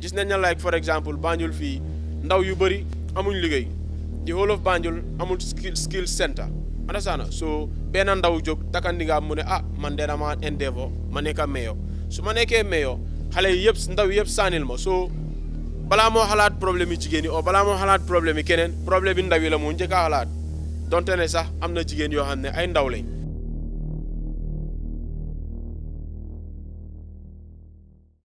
gis nañ ne like for exemple Banjul fii ndaw yu bëri amuñ liggéey di whole of Banjul amul skill skill center understand so benn ndaw jog takkandi nga mu ne ah man de dama endeavor ma nekk meyo su ma nekkee meyo xale yi yëpp ndaw yëpp saanil ma so balaa moo xalaat problème yi jigéen yi o balaa moo xalaat problème i keneen problème yi ndaw yi la moo njëkk a xalaat donte ne sax am na jigéen yoo xam ne ay ndaw lañ